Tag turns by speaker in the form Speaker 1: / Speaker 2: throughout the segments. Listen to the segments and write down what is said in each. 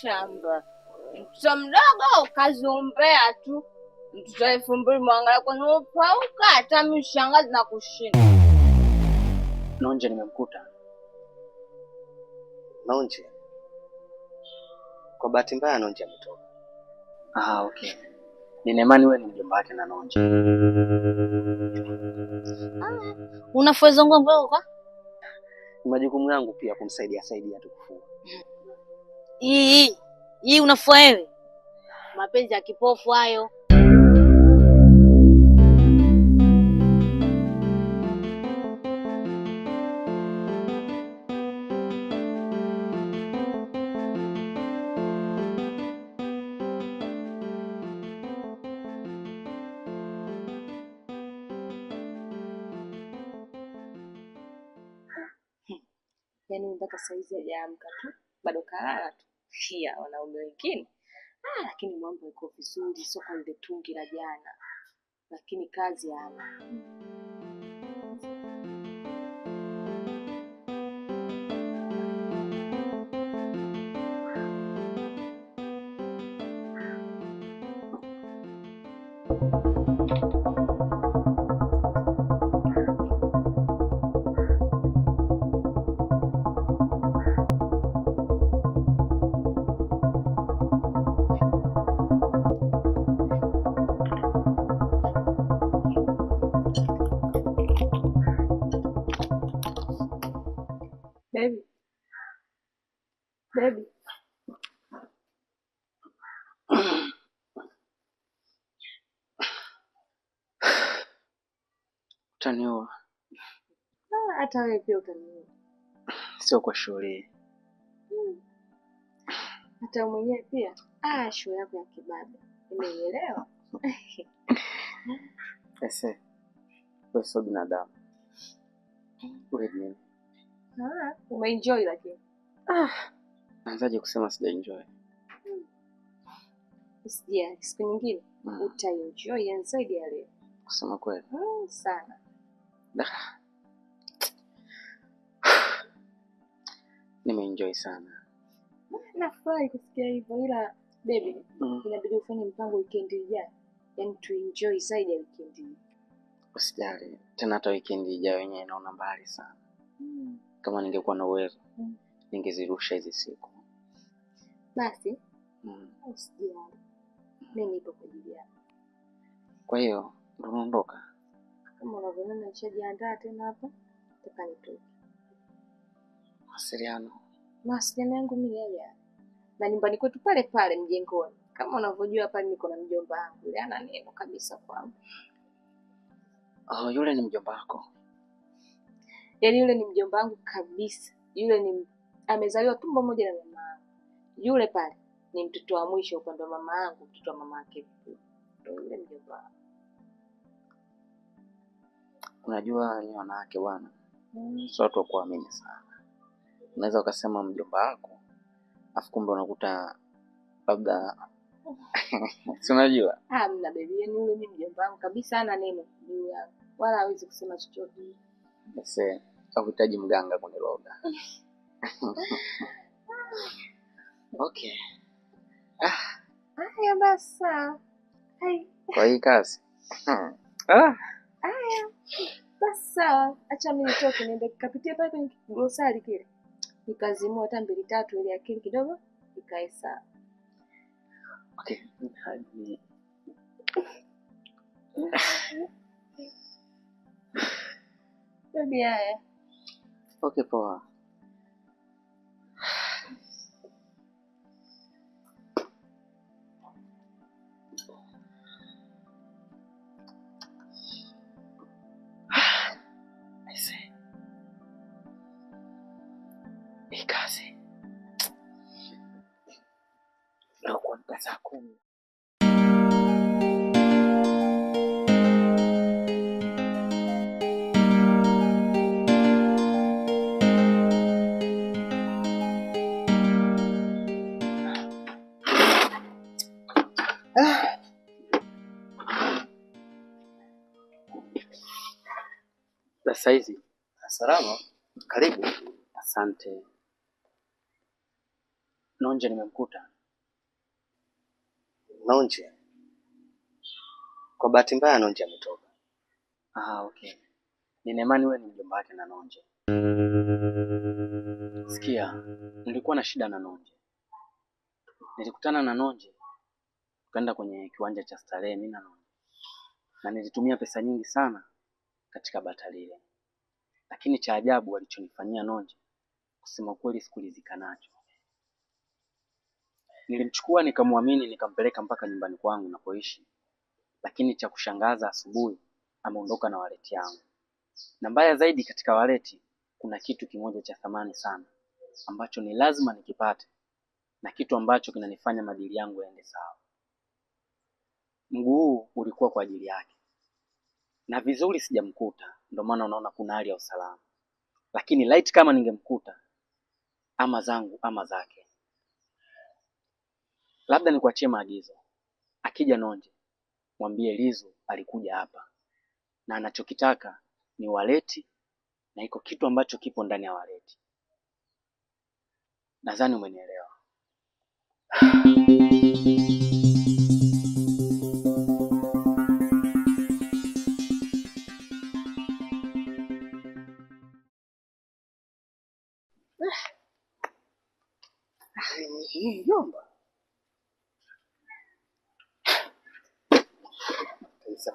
Speaker 1: Shamba mtoto mdogo kazumbea tu, mtoto elfu mbili mwangalia kwenye upauka, hata mi na kushinda
Speaker 2: Naonje nimemkuta Naonje. Kwa bahati mbaya Naonje ametoka. Ah, okay. Nina wewe ni mjomba wake na Naonje.
Speaker 1: Ah, unafua zongo ni
Speaker 2: Majukumu yangu pia kumsaidia saidia tu kufua
Speaker 1: hii hii, unafua wewe? Mapenzi ya kipofu hayo. Yaani mpaka saizi hajaamka tu, bado kalala tu pia wanaume wengine ah, lakini mambo yako vizuri, soko lile tungi la jana, lakini kazi you Utaniua. Ah, hata wewe pia utaniua.
Speaker 2: Sio kwa shule Hmm.
Speaker 1: Hata mwenyewe pia. Ah, shule yako ya kibabe. Umenielewa?
Speaker 2: Ese. Wewe sio binadamu. Wewe ni.
Speaker 1: Ah, umeenjoy lakini. Ah.
Speaker 2: Naanzaje kusema sijaenjoy? Hmm.
Speaker 1: siku nyingine mm, utaenjoy zaidi ya leo.
Speaker 2: Kusema kweli.
Speaker 1: Hmm, sana.
Speaker 2: Nimeenjoy sana.
Speaker 1: Nafurahi kusikia hivyo, ila baby, mm. inabidi ufanye mpango weekend ijayo, yaani to enjoy zaidi ya weekend hii.
Speaker 2: Usijali tena, hata weekend ijayo yenyewe inaona mbali sana mm. kama ningekuwa na uwezo mm. ningezirusha hizi siku.
Speaker 1: Basi mm. usijali, mimi nipo kwa ajili yako.
Speaker 2: Kwa hiyo tunaondoka.
Speaker 1: Kama unavyoona nishajiandaa tena hapa, nataka nitoke.
Speaker 2: Mawasiliano,
Speaker 1: mawasiliano yangu mi yale na nyumbani kwetu pale pale mjengoni, kama unavyojua hapa niko na mjomba wangu, yule ana neno kabisa kwangu.
Speaker 2: Oh, yule ni mjomba wako?
Speaker 1: Yaani yule ni mjomba wangu kabisa, yule ni amezaliwa tumbo moja na mama yangu. Yule pale ni mtoto wa mwisho upande wa mama yangu, mtoto wa mama yake, ndio yule mjomba wangu.
Speaker 2: Unajua ni wanawake bwana, sio watu wa kuamini sana. Unaweza ukasema mjomba wako, afu kumbe unakuta labda si unajua,
Speaker 1: ah, bebi yenu. Mimi mjomba wangu kabisa ana neno wala hawezi kusema chochote.
Speaker 2: Basi akuhitaji mganga kuniroga. Okay,
Speaker 1: ah, haya basi,
Speaker 2: kwa hii kazi
Speaker 1: ah basi sawa, acha mimi nitoke niende kapitia pale kwenye kidosari kile, nikazimua hata mbili tatu, ili akili kidogo ikae sawa. Okay. Bebi, haya.
Speaker 2: Okay, poa. kumi. saizi hizi salama. Karibu. Asante. Nonje nimemkuta nonje Kwa bahati mbaya Naonje ametoka. Ah, okay. Nina imani wewe ni mjomba wake na nonje Sikia, nilikuwa na shida na nonje Nilikutana na nonje tukaenda kwenye kiwanja cha starehe mimi na nonje Na nilitumia pesa nyingi sana katika bata lile. Lakini cha ajabu walichonifanyia nonje kusema kweli sikulizika nacho. Nilimchukua nikamwamini nikampeleka mpaka nyumbani kwangu napoishi, lakini cha kushangaza, asubuhi ameondoka na waleti yangu, na mbaya zaidi, katika waleti kuna kitu kimoja cha thamani sana ambacho ni lazima nikipate na kitu ambacho kinanifanya madili yangu yaende sawa. Mguu ulikuwa kwa ajili yake, na vizuri sijamkuta, ndio maana unaona kuna hali ya usalama, lakini light kama ningemkuta, ama zangu ama zake labda nikuachie maagizo. Akija Nonje mwambie Lizo alikuja hapa na anachokitaka ni waleti, na iko kitu ambacho kipo ndani ya waleti. Nadhani umenielewa.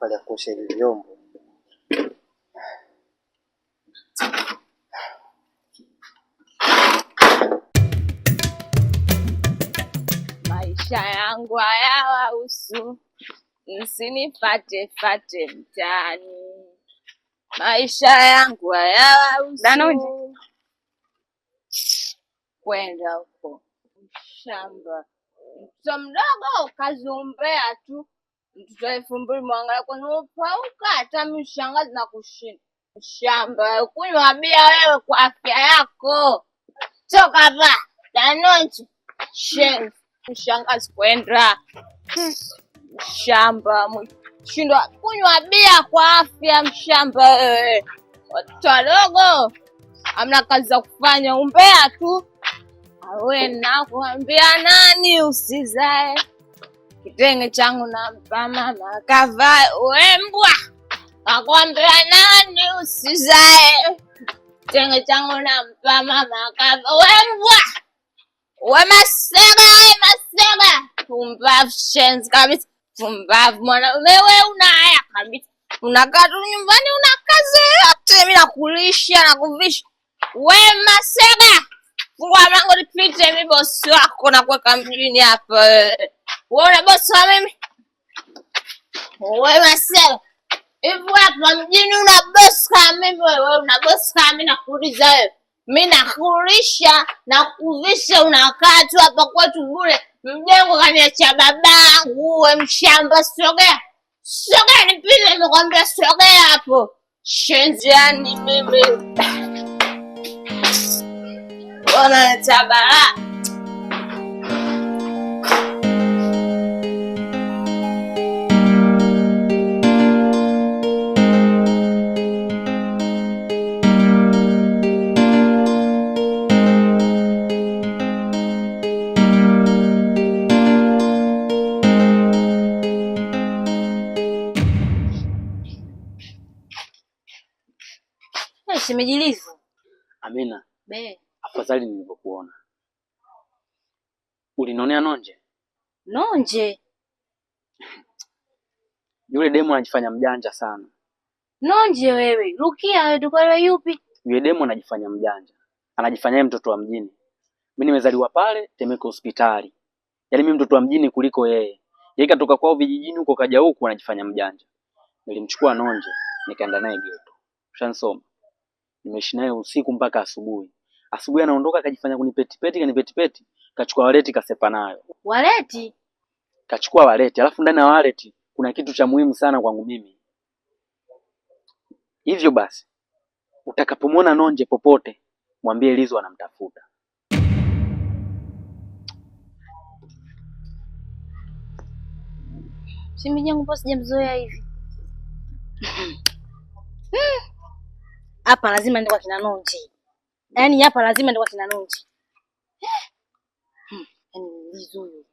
Speaker 2: pale ya kuosha hivi vyombo.
Speaker 1: Maisha yangu hayawahusu, msinipate fate mtaani. Maisha yangu hayawahusu, kwenda huko shamba, mtoto mdogo ukazumbea tu mtoto wa elfu mbili mwangalia kwenye upauka, hata mi na kushinda shamba kunywa bia wewe, kwa afya yako toka hapa tanonji shen mshangazi kwenda shamba shindwa kunywa bia kwa afya mshamba wewe. Watoto wadogo hamna kazi za kufanya, umbea tu awe na nani usizae eh kitenge changu na mama, kavaa wembwa, akwambia nani usizae. Kitenge changu nampa mama, kavaa wembwa, wemasega, masega, pumbavu shenzi kabisa, pumbavu mwanaume wewe, una haya kabisa, unakaa tu nyumbani, una kazi yote, mi nakulisha kuvisha we masega, fungua mlango nipite, mi bosi wako kuweka mjini hapa wewe wewe una bosi wa mimi? Wewe sasa. Hivi hapa mjini una bosi kama mimi wewe una bosi kama mimi nakuuliza wewe. Mimi nakulisha na kukuvisha unakaa tu hapa kwetu bure. Mjengo kaniacha babangu wewe mshamba sogea. Sogea nipile nimekwambia sogea hapo. Shenziani mimi. Bwana Shemeji Lisu. Amina. Be.
Speaker 2: Afadhali nilivyokuona. Ulinonea nonje?
Speaker 1: Nonje.
Speaker 2: Yule demu anajifanya mjanja sana.
Speaker 1: Nonje wewe. Rukia wewe tukala yupi?
Speaker 2: Yule demu anajifanya mjanja. Anajifanya mtoto wa mjini. Mimi nimezaliwa pale Temeke hospitali. Yaani mimi mtoto wa mjini kuliko yeye. Yeye katoka kwao vijijini huko kaja huku anajifanya mjanja. Nilimchukua nonje nikaenda naye geto. Ushansoma nimeishi naye usiku mpaka asubuhi. Asubuhi anaondoka akajifanya kunipetipeti, kanipetipeti, kachukua waleti kasepa nayo.
Speaker 1: Waleti?
Speaker 2: Kachukua waleti, alafu ndani ya waleti kuna kitu cha muhimu sana kwangu mimi. Hivyo basi utakapomwona Nonje popote, mwambie Lizo anamtafuta.
Speaker 1: Simi jangu po sijamzoea hivi. hapa lazima ndio kwa kina Nunji. Yaani hapa lazima ndio kwa kina Nonje. Hmm, yaani vizuri.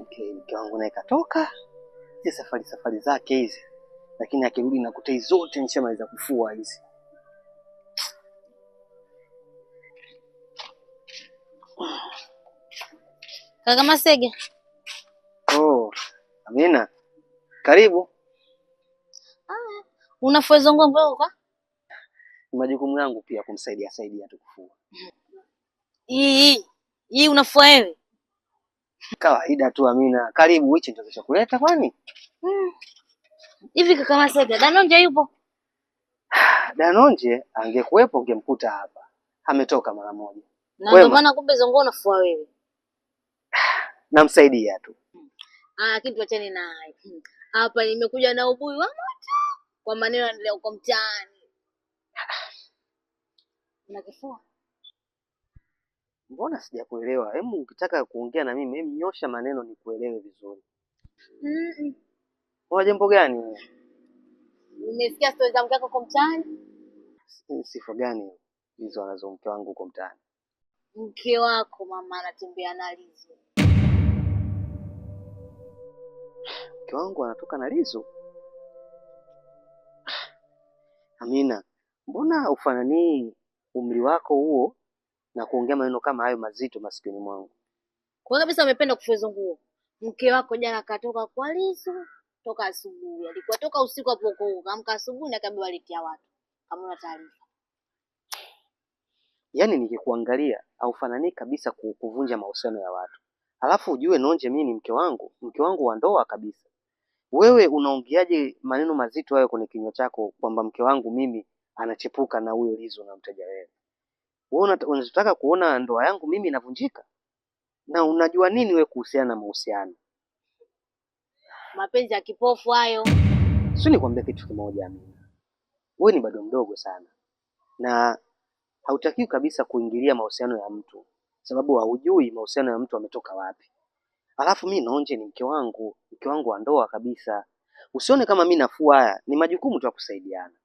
Speaker 2: Mke wangu naye katoka hizi safari safari zake hizi, lakini akirudi na kutei zote nishamaliza kufua hizi.
Speaker 1: Kaka Masege.
Speaker 2: Oh, Amina. Karibu.
Speaker 1: Ah, unafua hizo nguo mbona kwa?
Speaker 2: Ni majukumu yangu pia kumsaidia saidia tu kufua.
Speaker 1: Hii hii unafua wewe?
Speaker 2: Kawaida tu Amina. Karibu, hichi ndio kilichokuleta kwani? Mm.
Speaker 1: Hivi kaka Masega, Danonje yupo?
Speaker 2: Danonje angekuwepo ungemkuta hapa. Ametoka mara moja.
Speaker 1: Na ndio maana kumbe zongo nafua wewe.
Speaker 2: Namsaidia tu. Hmm.
Speaker 1: Ah, kitu achane na hmm. Hapa nimekuja na ubui wa moto. Kwa maneno yanaendelea huko mtaani. Unakifua?
Speaker 2: mbona sijakuelewa? Hebu ukitaka kuongea na mimi, hebu nyosha maneno nikuelewe vizuri. mm Una jambo gani?
Speaker 1: Nimesikia stori za mke wako huko mtaani.
Speaker 2: Sifa gani hizo anazo mke wangu huko mtaani?
Speaker 1: Mke wako mama anatembea na Lizo.
Speaker 2: Mke wangu anatoka na Lizo? Amina, mbona ufananii umri wako huo na kuongea maneno kama hayo mazito masikioni mwangu.
Speaker 1: Kwa kabisa umependa kufua nguo. Mke wako jana katoka kwa Lisu toka asubuhi. Alikuwa toka usiku hapo huko. Kaamka asubuhi na kambi walitia watu. Kama una taarifa.
Speaker 2: Yaani nikikuangalia haufanani kabisa kuvunja mahusiano ya watu. Alafu ujue Nonje, mimi ni mke wangu, mke wangu wa ndoa kabisa. Wewe unaongeaje maneno mazito hayo kwenye kinywa chako kwamba mke wangu mimi anachepuka na huyo Lizo na mteja wewe? wewe unataka kuona ndoa yangu mimi inavunjika? Na unajua nini we kuhusiana na mahusiano?
Speaker 1: Mapenzi ya kipofu hayo.
Speaker 2: Si nikwambia kitu kimoja, Amina, wewe ni bado mdogo sana na hautakiwi kabisa kuingilia mahusiano ya mtu, sababu haujui mahusiano ya mtu ametoka wapi. Alafu mi naonje ni mke wangu, mke wangu wa ndoa kabisa. Usione kama mi nafua, haya ni majukumu tu ya kusaidiana.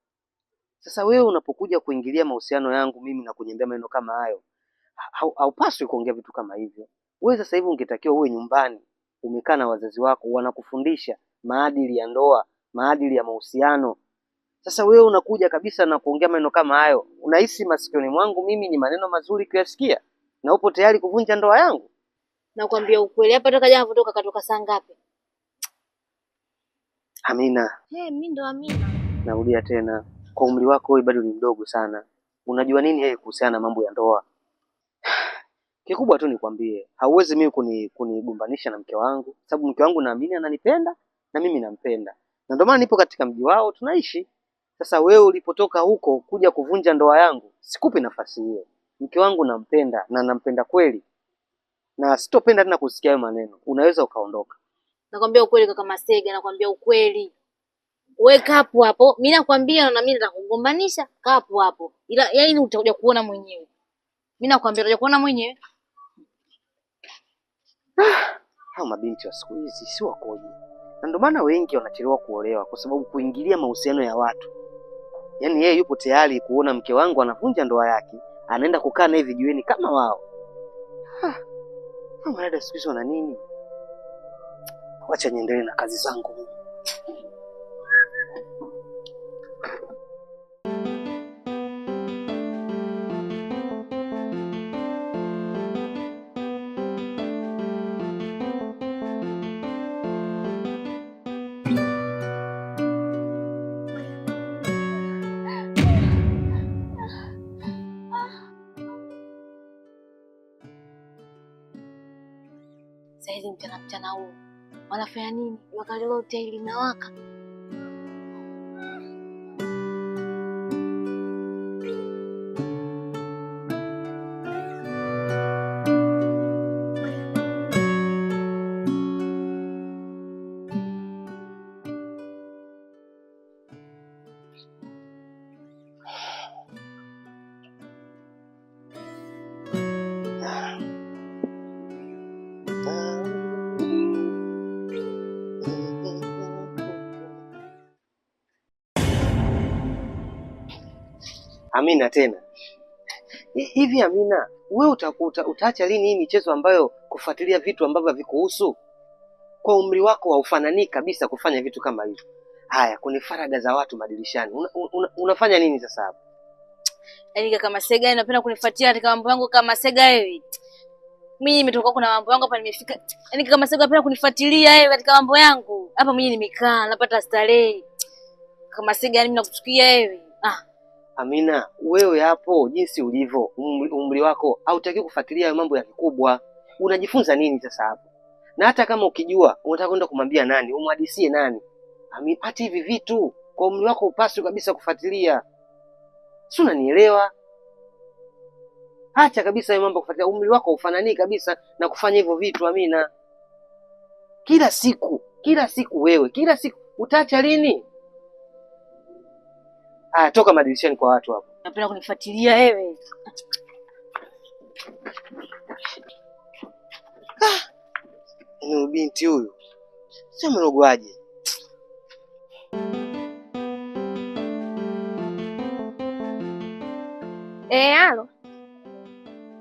Speaker 2: Sasa wewe unapokuja kuingilia mahusiano yangu mimi na kuniambia maneno kama hayo, haupaswi kuongea vitu kama hivyo. Wewe sasa hivi ungetakiwa uwe nyumbani, umekaa na wazazi wako, wanakufundisha maadili ya ndoa, maadili ya mahusiano. Sasa wewe unakuja kabisa na kuongea maneno kama hayo. Unahisi masikioni mwangu mimi ni maneno mazuri kuyasikia, na upo tayari kuvunja ndoa yangu?
Speaker 1: Nakwambia ukweli, hapa toka jana kutoka katoka saa ngapi? Amina. Hey, mimi ndo Amina.
Speaker 2: Naulia tena kwa umri wako wewe bado ni mdogo sana, unajua nini yeye kuhusiana na mambo ya ndoa? Kikubwa tu nikwambie, hauwezi mimi kuni kunigombanisha na mke wangu, sababu mke wangu naamini ananipenda na mimi nampenda, na ndio maana nipo katika mji wao tunaishi. Sasa wewe ulipotoka huko kuja kuvunja ndoa yangu, sikupi nafasi hiyo. Mke wangu nampenda na nampenda kweli, na sitopenda tena kusikia hayo maneno. Unaweza ukaondoka.
Speaker 1: Nakwambia ukweli kaka Masega, nakwambia ukweli we kapo hapo, mi nakwambia, na mi nitakugombanisha. Kapo hapo, ila yaani utakuja kuona mwenyewe. Mimi nakwambia utakuja kuona mwenyewe.
Speaker 2: Hao mabinti wa siku hizi si wakoje? Na ndio maana wengi wanachelewa kuolewa kwa sababu kuingilia mahusiano ya watu. Yaani yeye yupo tayari kuona mke wangu anavunja ndoa yake, anaenda kukaa naye vijiweni kama wao. Hao wanadada siku hizi wana nini? Wacha niendelee na kazi zangu.
Speaker 1: hili mchana mchana huu wanafanya nini? Jua kali lote linawaka,
Speaker 2: Amina tena hivi. Amina, wewe utakuta utaacha lini hii michezo ambayo kufuatilia vitu ambavyo havikuhusu? Kwa umri wako haufanani kabisa kufanya vitu kama hivyo. Haya, kwenye faraga za watu madirishani, una, una, unafanya nini sasa hapo?
Speaker 1: Yaani kaka Masega, anapenda kunifuatilia katika mambo yangu kama Masega wewe. Mimi nimetoka kuna mambo yangu hapa nimefika. Yaani kaka Masega anapenda kunifuatilia yeye katika mambo yangu. Hapa mimi nimekaa, napata starehe. Kama Masega, yaani mimi nakuchukia wewe. Ah.
Speaker 2: Amina, wewe hapo jinsi ulivyo, umri wako hautaki kufuatilia hayo mambo ya kikubwa. Unajifunza nini sasa hapo? Na hata kama ukijua, unataka kwenda kumwambia nani? Umhadisie nani? Amina, hata hivi vitu kwa umri wako upaswi kabisa kufuatilia, si unanielewa? Acha kabisa hayo mambo kufuatilia, umri wako ufanani kabisa na kufanya hivyo vitu. Amina, kila siku kila siku wewe, kila siku utaacha lini? Haya, toka madirishani kwa watu hapo.
Speaker 1: Napenda kunifuatilia wewe.
Speaker 2: Ah, ni binti huyu sio mrogwaje?
Speaker 1: Eh, alo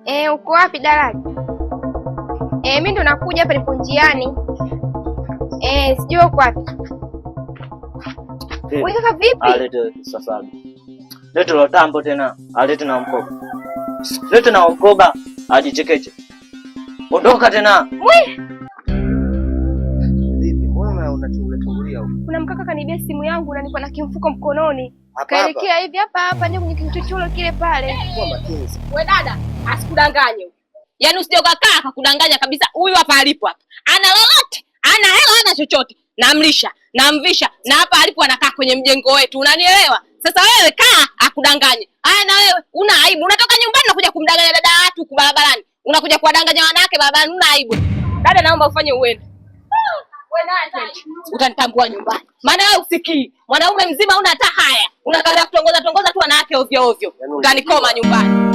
Speaker 1: Eh, uko wapi daraja? Eh, mi ndo nakuja hapa, nipo njiani. Eh, sijui uko wapi
Speaker 2: alete sasa, lete lotambo tena, alete na mkoba, lete na mkoba, ajichekeche. Ondoka tena.
Speaker 1: Kuna mkaka kanibia simu yangu na nilikuwa na kimfuko mkononi, kaelekea hivi hapa hapa, ndio kwenye kichochoro kile pale. Wewe dada, asikudanganye yaani, usije ukakaa akakudanganya kabisa. Huyu hapa alipo hapa ana lolote, ana hela, ana chochote namlisha, namvisha na hapa alipo anakaa kwenye mjengo wetu, unanielewa? Sasa wewe kaa akudanganye. Haya, na wewe una aibu, unatoka nyumbani unakuja kumdanganya dada watu huku barabarani, unakuja kuwadanganya wanawake barabarani, una aibu dada. Naomba ufanye uende, utanitambua nyumbani, maana wewe usikii. Mwanaume mzima una hata haya, unakaza kutongoza tongoza tu wanawake ovyo ovyo, yaani utanikoma nyumbani.